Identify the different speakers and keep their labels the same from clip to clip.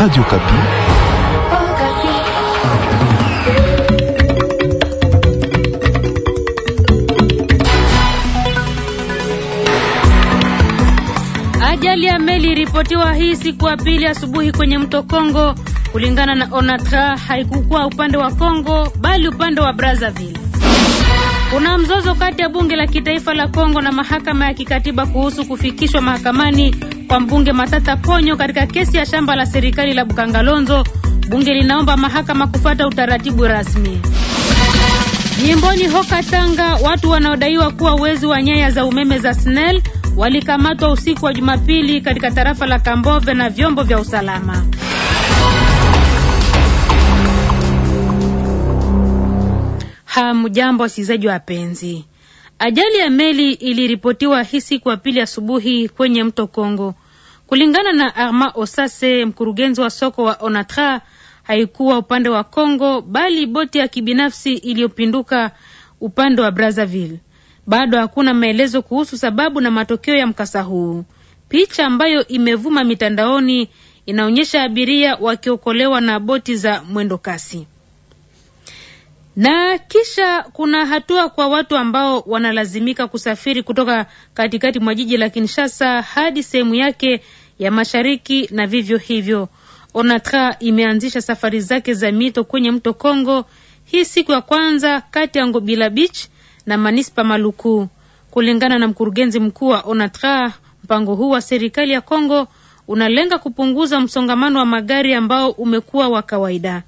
Speaker 1: Radio Kapi.
Speaker 2: Ajali ya meli iripotiwa hii siku ya pili asubuhi kwenye mto Kongo. Kulingana na Onatra, haikukuwa upande wa Kongo bali upande wa Brazzaville. Kuna mzozo kati ya bunge la kitaifa la Kongo na mahakama ya kikatiba kuhusu kufikishwa mahakamani kwa mbunge Matata Ponyo katika kesi ya shamba la serikali la Bukangalonzo. Bunge linaomba mahakama kufata utaratibu rasmi. Jimboni Hoka Tanga, watu wanaodaiwa kuwa wezi wa nyaya za umeme za SNEL walikamatwa usiku wa Jumapili katika tarafa la Kambove na vyombo vya usalama. Hamjambo wasikilizaji penzi, Ajali ya meli iliripotiwa hii siku ya pili asubuhi kwenye mto Kongo Kulingana na Arma Osase, mkurugenzi wa soko wa Onatra, haikuwa upande wa congo bali boti ya kibinafsi iliyopinduka upande wa Brazzaville. Bado hakuna maelezo kuhusu sababu na matokeo ya mkasa huu. Picha ambayo imevuma mitandaoni inaonyesha abiria wakiokolewa na boti za mwendo kasi. Na kisha kuna hatua kwa watu ambao wanalazimika kusafiri kutoka katikati mwa jiji la Kinshasa hadi sehemu yake ya mashariki na vivyo hivyo. ONATRA imeanzisha safari zake za mito kwenye mto Kongo hii siku ya kwanza kati ya Ngobila Beach na manispa Maluku. Kulingana na mkurugenzi mkuu wa ONATRA, mpango huu wa serikali ya Kongo unalenga kupunguza msongamano wa magari ambao umekuwa wa kawaida.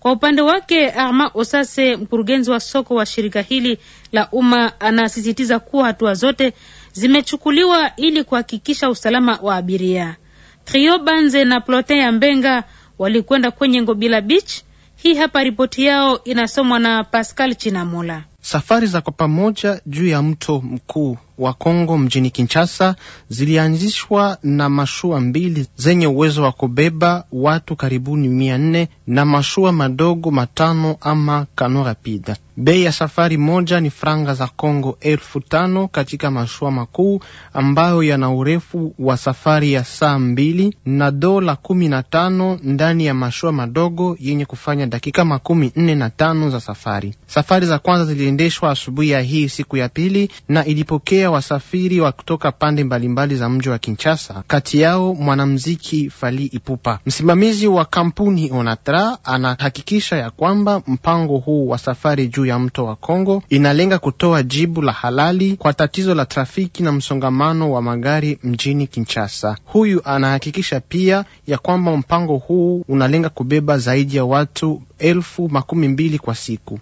Speaker 2: Kwa upande wake, Arma Osase, mkurugenzi wa soko wa shirika hili la umma, anasisitiza kuwa hatua zote zimechukuliwa ili kuhakikisha usalama wa abiria. Trio Banze na plote ya Mbenga walikwenda kwenye Ngobila Beach. Hii hapa ripoti yao inasomwa na Pascal Chinamola.
Speaker 3: Safari za kwa pamoja juu ya mto mkuu wa Kongo mjini Kinshasa zilianzishwa na mashua mbili zenye uwezo wa kubeba watu karibuni mia nne na mashua madogo matano ama kano rapida. Bei ya safari moja ni franga za Kongo elfu tano katika mashua makuu ambayo yana urefu wa safari ya saa mbili na dola kumi na tano ndani ya mashua madogo yenye kufanya dakika makumi nne na tano za safari. Safari za kwanza ziliendeshwa asubuhi ya hii siku ya pili na ilipokea imepokea wasafiri wa kutoka pande mbalimbali za mji wa Kinshasa, kati yao mwanamuziki fali Ipupa. Msimamizi wa kampuni Onatra anahakikisha ya kwamba mpango huu wa safari juu ya mto wa Kongo inalenga kutoa jibu la halali kwa tatizo la trafiki na msongamano wa magari mjini Kinshasa. Huyu anahakikisha pia ya kwamba mpango huu unalenga kubeba zaidi ya watu elfu makumi mbili kwa siku.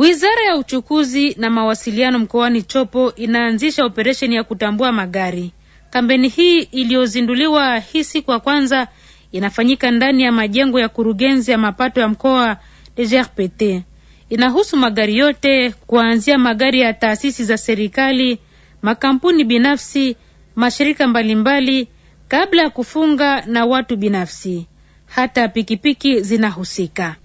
Speaker 2: Wizara ya uchukuzi na mawasiliano mkoani Chopo inaanzisha operesheni ya kutambua magari. Kampeni hii iliyozinduliwa hii siku ya kwanza inafanyika ndani ya majengo ya kurugenzi ya mapato ya mkoa DGRPT. Inahusu magari yote kuanzia magari ya taasisi za serikali, makampuni binafsi, mashirika mbalimbali kabla ya kufunga na watu binafsi. Hata pikipiki zinahusika.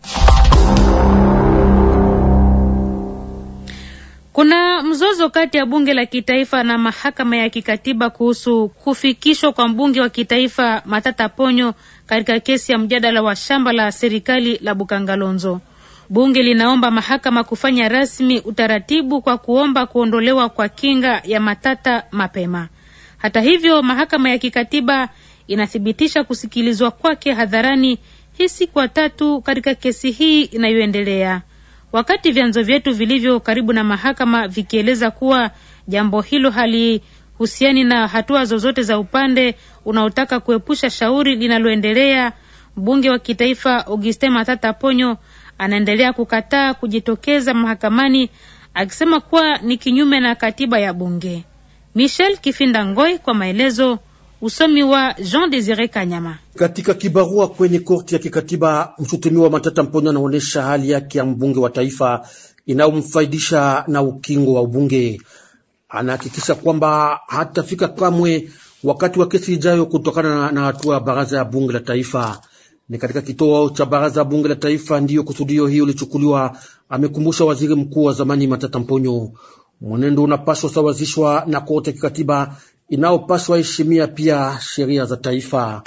Speaker 2: Mazungumzo kati ya bunge la kitaifa na mahakama ya kikatiba kuhusu kufikishwa kwa mbunge wa kitaifa Matata Ponyo katika kesi ya mjadala wa shamba la serikali la Bukangalonzo. Bunge linaomba mahakama kufanya rasmi utaratibu kwa kuomba kuondolewa kwa kinga ya Matata mapema. Hata hivyo, mahakama ya kikatiba inathibitisha kusikilizwa kwake hadharani hii siku ya tatu katika kesi hii inayoendelea wakati vyanzo vyetu vilivyo karibu na mahakama vikieleza kuwa jambo hilo halihusiani na hatua zozote za upande unaotaka kuepusha shauri linaloendelea. Mbunge wa kitaifa Augustin Matata Ponyo anaendelea kukataa kujitokeza mahakamani akisema kuwa ni kinyume na katiba ya bunge. Michel Kifinda Ngoi kwa maelezo Usomi wa Jean Desire Kanyama.
Speaker 4: Katika kibarua kwenye korti ya kikatiba, mshutumiwa Matata Mponyo anaonyesha hali yake ya mbunge wa taifa inayomfaidisha na ukingo wa ubunge. Anahakikisha kwamba hatafika kamwe wakati wa kesi ijayo kutokana na hatua ya baraza ya bunge la taifa. Ni katika kituo cha baraza ya bunge la taifa ndiyo kusudio hiyo ilichukuliwa, amekumbusha waziri mkuu wa zamani Matata Mponyo. Mwenendo unapaswa sawazishwa na korti ya kikatiba inayopaswa heshimia pia sheria za taifa.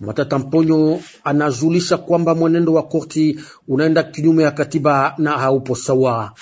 Speaker 4: Matata Mponyo anajulisha kwamba mwenendo wa korti unaenda kinyume ya katiba na haupo sawa.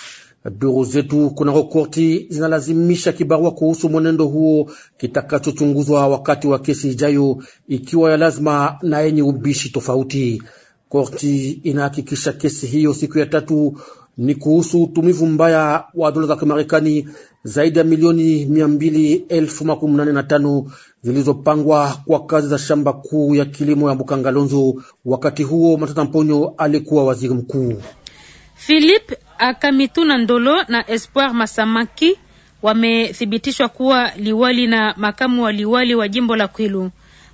Speaker 4: Duru zetu kunako korti zinalazimisha kibarua kuhusu mwenendo huo kitakachochunguzwa wakati wa kesi ijayo, ikiwa ya lazima na yenye ubishi tofauti. Korti inahakikisha kesi hiyo siku ya tatu ni kuhusu utumivu mbaya wa dola za Kimarekani zaidi ya milioni mia mbili elfu makumi nane na tano zilizopangwa kwa kazi za shamba kuu ya kilimo ya Bukangalonzo. Wakati huo Matata Mponyo alikuwa waziri mkuu.
Speaker 2: Philip Akamituna Ndolo na Espoir Masamaki wamethibitishwa kuwa liwali na makamu wa liwali wa jimbo la Kwilu.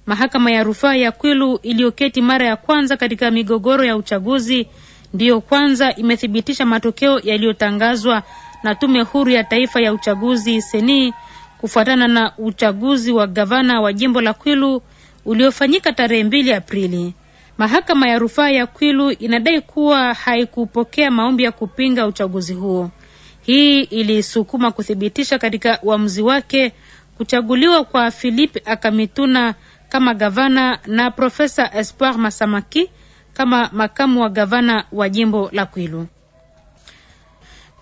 Speaker 2: Mahakama ya rufaa ya Kwilu iliyoketi mara ya kwanza katika migogoro ya uchaguzi ndiyo kwanza imethibitisha matokeo yaliyotangazwa na Tume Huru ya Taifa ya Uchaguzi seni kufuatana na uchaguzi wa gavana wa jimbo la Kwilu uliofanyika tarehe mbili Aprili. Mahakama ya rufaa ya Kwilu inadai kuwa haikupokea maombi ya kupinga uchaguzi huo. Hii ilisukuma kuthibitisha katika uamuzi wake kuchaguliwa kwa Philip Akamituna kama gavana na Profesa Espoir Masamaki kama makamu wa gavana wa jimbo la Kwilu.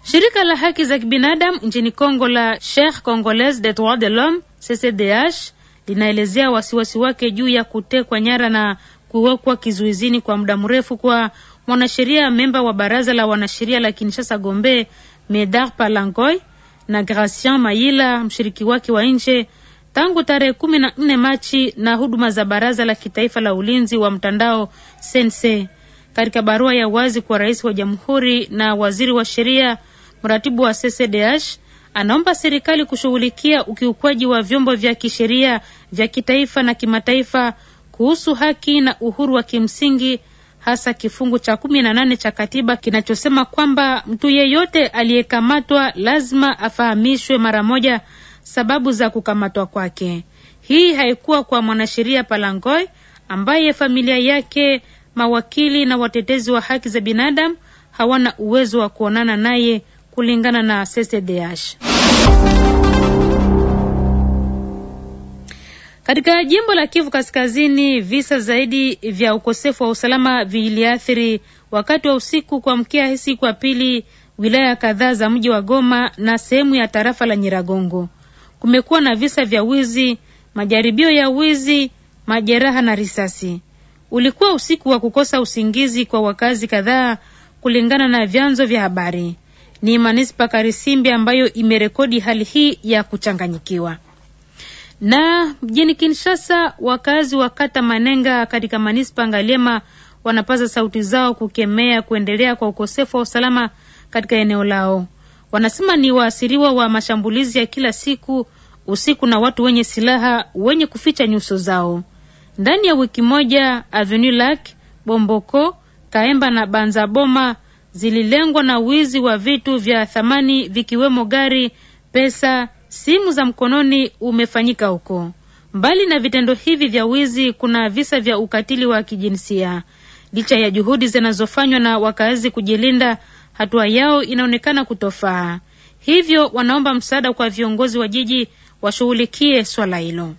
Speaker 2: Shirika la haki za kibinadamu nchini Kongo la Sheikh congolaise des Droits de l'Homme CCDH linaelezea wasiwasi wake juu ya kutekwa nyara na kuwekwa kizuizini kwa muda mrefu kwa mwanasheria memba wa baraza la wanasheria la Kinshasa Gombe Medar Palangoy na Gracien Mayila mshiriki wake wa nje tangu tarehe kumi na nne Machi na huduma za Baraza la Kitaifa la Ulinzi wa Mtandao Sense. Katika barua ya wazi kwa rais wa jamhuri na waziri wa sheria, mratibu wa CCDH anaomba serikali kushughulikia ukiukwaji wa vyombo vya kisheria vya kitaifa na kimataifa kuhusu haki na uhuru wa kimsingi hasa kifungu cha kumi na nane cha katiba kinachosema kwamba mtu yeyote aliyekamatwa lazima afahamishwe mara moja sababu za kukamatwa kwake. Hii haikuwa kwa mwanasheria Palangoi ambaye familia yake, mawakili na watetezi wa haki za binadamu hawana uwezo wa kuonana naye kulingana na CCDH. Katika jimbo la Kivu Kaskazini, visa zaidi vya ukosefu wa usalama viliathiri wakati wa usiku kuamkia siku ya pili wilaya kadhaa za mji wa Goma na sehemu ya tarafa la Nyiragongo kumekuwa na visa vya wizi, majaribio ya wizi, majeraha na risasi. Ulikuwa usiku wa kukosa usingizi kwa wakazi kadhaa, kulingana na vyanzo vya habari. Ni manispa Karisimbi ambayo imerekodi hali hii ya kuchanganyikiwa. Na mjini Kinshasa, wakazi wa kata Manenga katika manispa Ngaliema wanapaza sauti zao kukemea kuendelea kwa ukosefu wa usalama katika eneo lao wanasema ni waasiriwa wa mashambulizi ya kila siku usiku na watu wenye silaha wenye kuficha nyuso zao. Ndani ya wiki moja, Avenue Lac, Bomboko, Kaemba na Banza Boma zililengwa na wizi wa vitu vya thamani vikiwemo gari, pesa, simu za mkononi umefanyika huko. Mbali na vitendo hivi vya wizi, kuna visa vya ukatili wa kijinsia. Licha ya juhudi zinazofanywa na wakazi kujilinda, hatua yao inaonekana kutofaa, hivyo wanaomba msaada kwa viongozi wa jiji washughulikie swala hilo.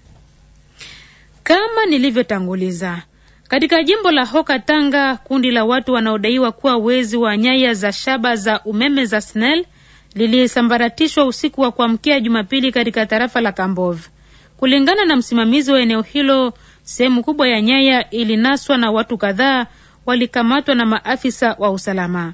Speaker 2: Kama nilivyotanguliza, katika jimbo la Hoka Tanga, kundi la watu wanaodaiwa kuwa wezi wa nyaya za shaba za umeme za SNEL lilisambaratishwa usiku wa kuamkia Jumapili katika tarafa la kambov Kulingana na msimamizi wa eneo hilo, sehemu kubwa ya nyaya ilinaswa na watu kadhaa walikamatwa na maafisa wa usalama.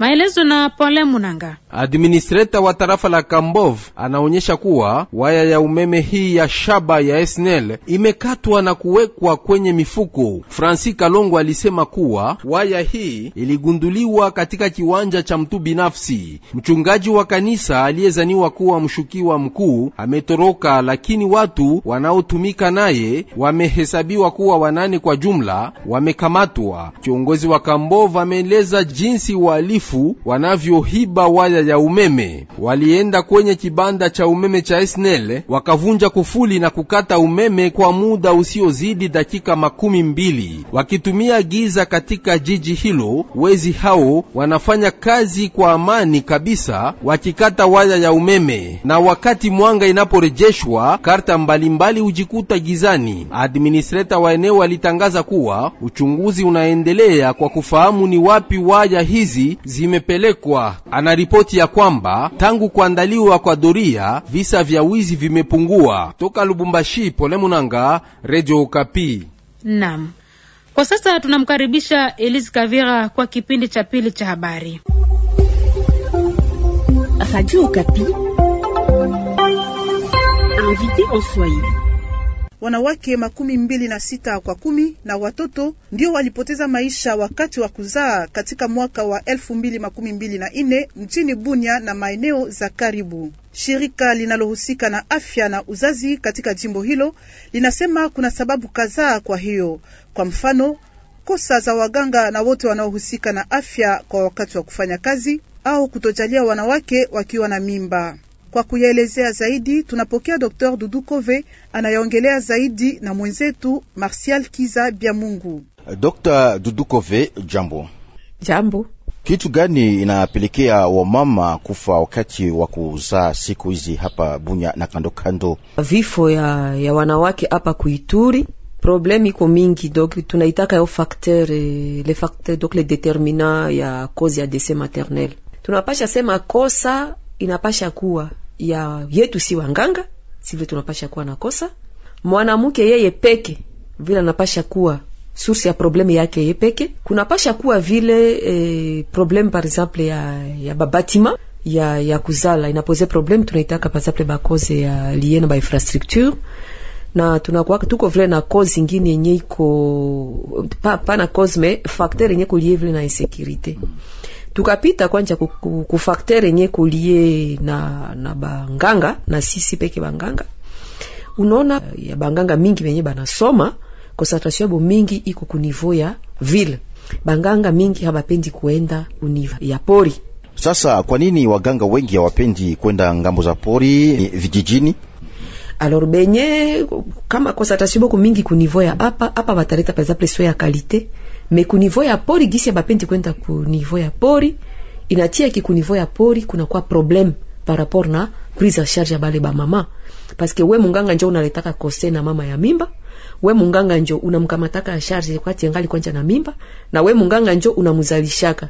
Speaker 2: Maelezo na Pole Munanga.
Speaker 5: Administreta wa tarafa la Kambov anaonyesha kuwa waya ya umeme hii ya shaba ya SNEL imekatwa na kuwekwa kwenye mifuko. Francis Kalongo alisema kuwa waya hii iligunduliwa katika kiwanja cha mtu binafsi. Mchungaji wa kanisa aliyezaniwa kuwa mshukiwa mkuu ametoroka, lakini watu wanaotumika naye wamehesabiwa kuwa wanane kwa jumla wamekamatwa. Kiongozi wa Kambov ameeleza jinsi walifu maelfu wanavyohiba waya ya umeme. Walienda kwenye kibanda cha umeme cha snel wakavunja kufuli na kukata umeme kwa muda usiozidi dakika makumi mbili, wakitumia giza katika jiji hilo. Wezi hao wanafanya kazi kwa amani kabisa, wakikata waya ya umeme, na wakati mwanga inaporejeshwa karta mbalimbali hujikuta gizani. Administreta wa eneo alitangaza kuwa uchunguzi unaendelea kwa kufahamu ni wapi waya hizi zi zimepelekwa. Anaripoti ya kwamba tangu kuandaliwa kwa doria visa vya wizi vimepungua. Toka Lubumbashi, Pole Munanga, Radio Okapi.
Speaker 2: Naam, kwa sasa tunamkaribisha Elise Kavira kwa kipindi cha pili cha habari.
Speaker 6: Radio Okapi. Invité en Swahili wanawake makumi mbili na sita kwa kumi na watoto ndio walipoteza maisha wakati wa kuzaa katika mwaka wa elfu mbili makumi mbili na nne mjini bunya na maeneo za karibu. Shirika linalohusika na afya na uzazi katika jimbo hilo linasema kuna sababu kadhaa kwa hiyo, kwa mfano kosa za waganga na wote wanaohusika na afya kwa wakati wa kufanya kazi au kutojalia wanawake wakiwa na mimba. Kwa kuyaelezea zaidi tunapokea Dr. Dudu Kove anayeongelea zaidi na mwenzetu Martial Kiza Byamungu.
Speaker 7: Dr. Dudu Kove, jambo. Jambo. Kitu gani inapelekea wamama kufa wakati wa kuzaa siku hizi hapa Bunya na kando kando?
Speaker 8: Vifo ya, ya wanawake hapa kuituri probleme iko mingi donc tunaitaka yo facteur eh, le facteur donc le determinant ya cause ya dese maternel. Tunapasha sema kosa inapasha kuwa ya yetu si wanganga, si vile tunapasha kuwa na kosa Mwanamke yeye peke vile anapasha kuwa source ya probleme yake yeye peke, kunapasha kuwa vile eh, probleme par exemple ya, ya babatima ya, ya kuzala inapoze probleme, tunaitaka par exemple bakoze ya liye na bainfrastructure na tunakuwa tuko vile na cause ingine yenye iko pa, pa na cause me facteur yenye kulie vile na insecurite mm tukapita kwanja kufaktere yenye kolie na, na banganga na sisi peke banganga unaona eh, ya banganga mingi venye banasoma concentration yabo mingi iko kunivou ya ville banganga mingi habapendi kuenda univa ya
Speaker 7: pori sasa kwa nini waganga wengi hawapendi kwenda ngambo za pori vijijini?
Speaker 8: alor benye kama kosa tasibo kumingi kunivou ya hapa hapa, bataleta par exemple ya kalite me kunivo ya pori gisi ya bapendi kwenda kunivo ya pori inatia ki kunivo ya pori kwa problem par rapport na prise en charge ya bale ba mama paske we munganga njo unaletaka kose na mama ya mimba we munganga njo unamkamataka charge kwati angali kwanja na mimba na we munganga njo unamuzalishaka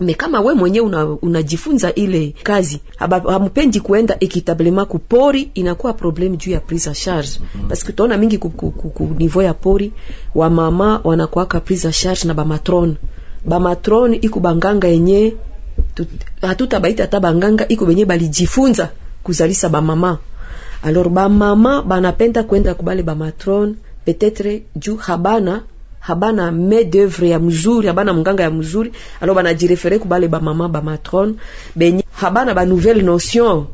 Speaker 8: me kama we mwenyewe una, unajifunza ile kazi hamupendi kuenda ekitablema kupori, inakuwa problem juu ya prise en charge mm -hmm. Paske utaona mingi ku, ku, ku, ku niveau ya pori wamama wanakuaka prise en charge na bamatron bamatron iku banganga yenye hatutabaita hata banganga, iku benye balijifunza kuzalisa bamama. Alor bamama banapenda kwenda kubale bamatron petetre juu habana habana main d'oeuvre ya mzuri, habana mganga ya mzuri, alors banajirefere kubale ba mama benye habana ba notion.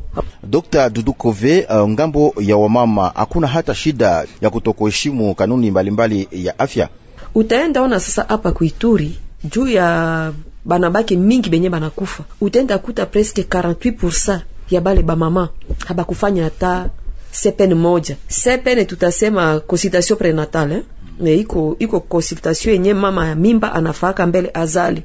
Speaker 7: Dr. dudukove uh, ngambo ya wamama hakuna hata shida ya kutokuheshimu kanuni mbalimbali mbali ya afya.
Speaker 8: Utaenda ona sasa hapa kuituri juu ya banabake mingi benye banakufa, utaenda kuta presque 48% ya bale ba habakufanya hata sepene moja. Sepene tutasema consultation prenatale eh? Eh, iko iko consultation yenye mama ya mimba anafaka mbele azali.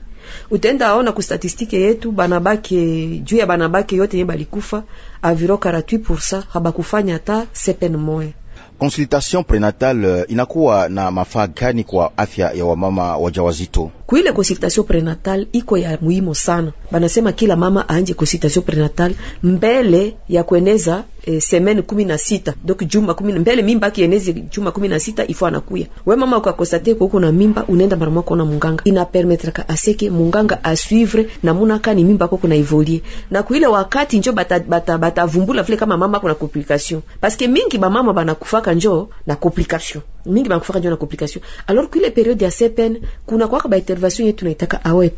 Speaker 8: utenda aona ku statistike yetu banabake juu ya banabake yote yenye balikufa aviro 48% habakufanya hata sepen moya
Speaker 7: Konsultasyon prenatal euh, inakuwa na mafaa gani kwa afya ya wamama wajawazito?
Speaker 8: Kuile konsultasyon prenatal iko ya muhimu sana, banasema kila mama aanje konsultasyon prenatal mbele ya kueneza e, eh, semeni kumi na sita donc juma kumi na mbele mimba akienezi juma kumi na sita ifo anakuya we mama ukakostate kuko na mimba, unaenda mara moja kuona munganga, inapermetraka aseke munganga asuivre namuna kani mimba ako na ivolie na kuile wakati njo batavumbula bata, bata vile kama mama kuna komplikasyon paske mingi bamama banakufa inakuwaka njo na complication mingi, banakuwaka njo na complication, alors que periode ya sepen kuna ba intervention yetu tunaitaka awe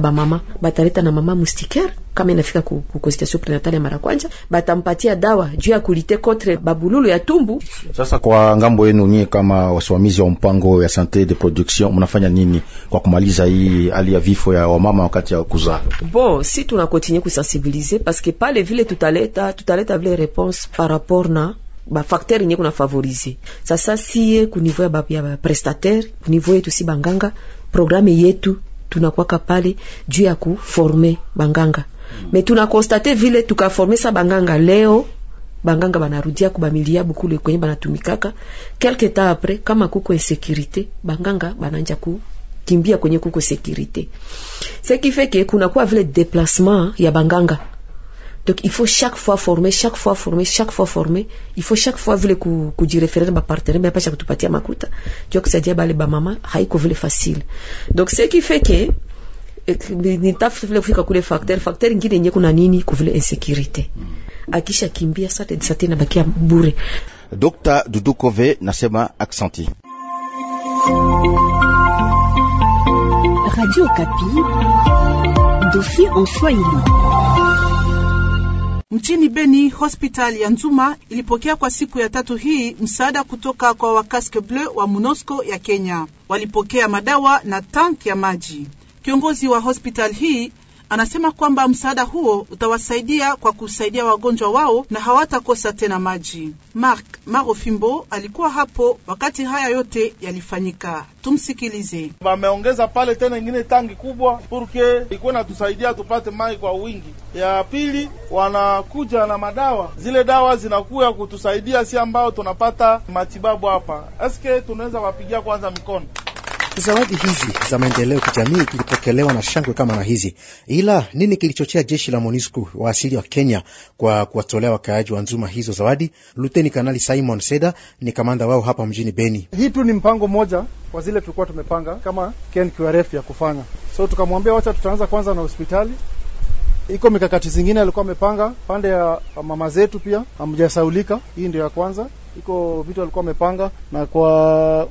Speaker 8: ba mama bataleta na mama mustikaire kama inafika ku, ku consultation prenatale ya mara kwanja, batampatia dawa juu ya kulite contre babululu ya tumbu.
Speaker 7: Sasa kwa ngambo yenu nyie kama wasimamizi wa mpango ya sante de production, mnafanya nini kwa kumaliza hii hali ya vifo ya wamama wakati ya kuzaa?
Speaker 8: Bon, si tunakontinue kusensibiliser parce que pale vile tutaleta tutaleta vile réponse par rapport na bafakter nye kuna favorize sasa, siye kunivou ya baprestataire ba kunivou yetu si banganga, programe yetu tunakwaka pale juu ya kuforme banganga mm. Me tunakonstate vile tukaforme sa banganga leo banganga banarudia kubamiliabu kule kwenye banatumikaka quelque temps apres, kama kuko insécurité banganga bananja ku kimbia kwenye kuko sécurité, ce qui fait que kunakuwa vile déplacement ya banganga donc il faut chaque fois former chaque fois former chaque fois former il faut chaque fois dire vile ma partir mais pas chaque tout pasha kutupatia makuta ndio kusaidia maman, bamama haiko voulez facile donc ce qui fait que nitafika euh, kule facteur facteur ingine yenye kuna nini kuvile insécurité akisha kimbia sate sate na bakia bure
Speaker 7: Dr. Kove nasema aksanti
Speaker 6: Radio Kapi dossier en Swahili mchini Beni, hospital ya Nzuma ilipokea kwa siku ya tatu hii msaada kutoka kwa wakaske bleu wa MONUSCO ya Kenya. Walipokea madawa na tank ya maji. Kiongozi wa hospital hii Anasema kwamba msaada huo utawasaidia kwa kusaidia wagonjwa wao na hawatakosa tena maji. Mark Marofimbo alikuwa hapo wakati haya yote yalifanyika.
Speaker 1: Tumsikilize. Wameongeza pale tena ingine tangi kubwa purke ikuwa natusaidia tupate mai kwa wingi. Ya pili, wanakuja na madawa, zile dawa zinakuya kutusaidia si ambao tunapata matibabu hapa. Eske tunaweza wapigia kwanza mikono
Speaker 9: Zawadi hizi za maendeleo kijamii kilipokelewa na shangwe kama na hizi. Ila nini kilichochea jeshi la MONUSCO wa asili wa Kenya kwa kuwatolea wakaaji wa Nzuma hizo zawadi? Luteni Kanali Simon Seda ni kamanda wao hapa mjini Beni. Hii tu ni mpango mmoja
Speaker 10: kwa zile tulikuwa tumepanga kama KNQRF ya kufanya, so tukamwambia wacha tutaanza kwanza na hospitali iko mikakati zingine alikuwa amepanga pande ya mama zetu, pia hamjasaulika. Hii ndio ya kwanza iko vitu walikuwa wamepanga, na kwa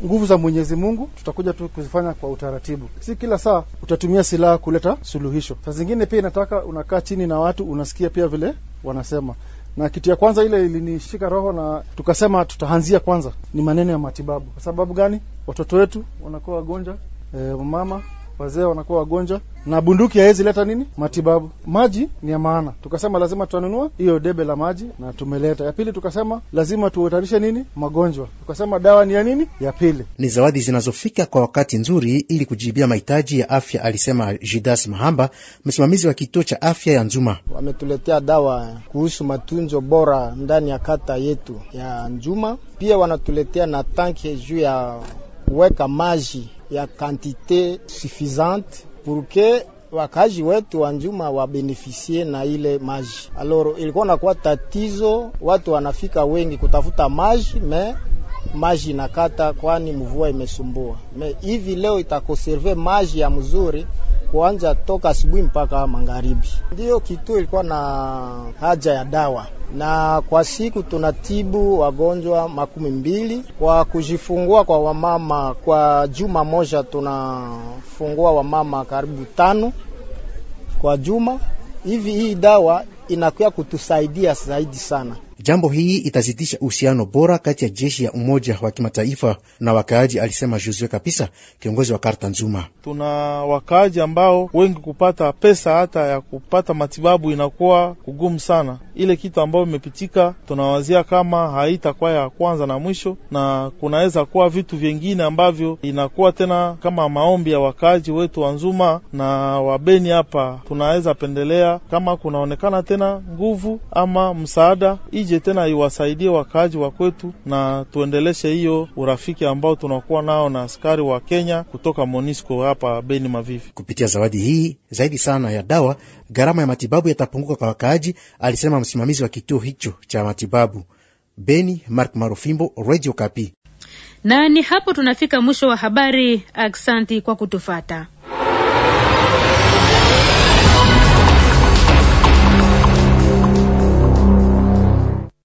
Speaker 10: nguvu za Mwenyezi Mungu tutakuja tu kuzifanya kwa utaratibu. Si kila saa utatumia silaha kuleta suluhisho. Saa zingine pia inataka unakaa chini na watu unasikia pia vile wanasema na kitu ya kwanza ile ilinishika roho na tukasema tutaanzia kwanza ni maneno ya matibabu. Kwa sababu gani? Watoto wetu wanakuwa wagonjwa, e, mama wazee wanakuwa wagonjwa, na bunduki haiwezi leta nini matibabu. Maji ni ya maana, tukasema lazima tuanunua hiyo debe la maji na tumeleta. Ya pili tukasema lazima tuhatarishe nini magonjwa, tukasema dawa ni ya nini.
Speaker 9: Ya pili ni zawadi zinazofika kwa wakati nzuri ili kujibia mahitaji ya afya, alisema Judas Mahamba, msimamizi wa kituo cha afya ya Nzuma.
Speaker 7: Wametuletea dawa kuhusu matunzo bora ndani ya kata yetu ya Njuma, pia wanatuletea na tanki juu ya kuweka maji ya kantite suffisante purke wakazi wetu wa Njuma wabenefisie na ile maji. Alors ilikuwa nakuwa tatizo, watu wanafika wengi kutafuta maji me maji inakata, kwani mvua imesumbua me hivi. Leo itakoserve maji ya mzuri kuanja toka asubuhi mpaka magharibi. Ndiyo kituo ilikuwa na haja ya dawa, na kwa siku tunatibu wagonjwa makumi mbili. Kwa kujifungua kwa wamama, kwa juma moja tunafungua wamama karibu tano kwa juma hivi. Hii dawa inakuya kutusaidia zaidi sana
Speaker 9: Jambo hii itazidisha uhusiano bora kati ya jeshi ya Umoja wa Kimataifa na wakaaji, alisema Josue Kapisa, kiongozi wa Karta Nzuma.
Speaker 1: Tuna wakaaji ambao wengi kupata pesa hata ya kupata matibabu inakuwa kugumu sana. Ile kitu ambayo imepitika, tunawazia kama haitakuwa ya kwanza na mwisho, na kunaweza kuwa vitu vyengine ambavyo inakuwa tena kama maombi ya wakaaji wetu wa Nzuma na wabeni hapa. Tunaweza pendelea kama kunaonekana tena nguvu ama msaada ije tena iwasaidie wakaaji wa kwetu, na tuendeleshe hiyo urafiki ambao tunakuwa nao na askari wa Kenya kutoka monisco hapa Beni Mavivi.
Speaker 9: Kupitia zawadi hii zaidi sana ya dawa, gharama ya matibabu yatapunguka kwa wakaaji, alisema msimamizi wa kituo hicho cha matibabu Beni, Mark Marufimbo, Radio Kapi.
Speaker 2: Na ni hapo tunafika mwisho wa habari. Aksanti kwa kutufata.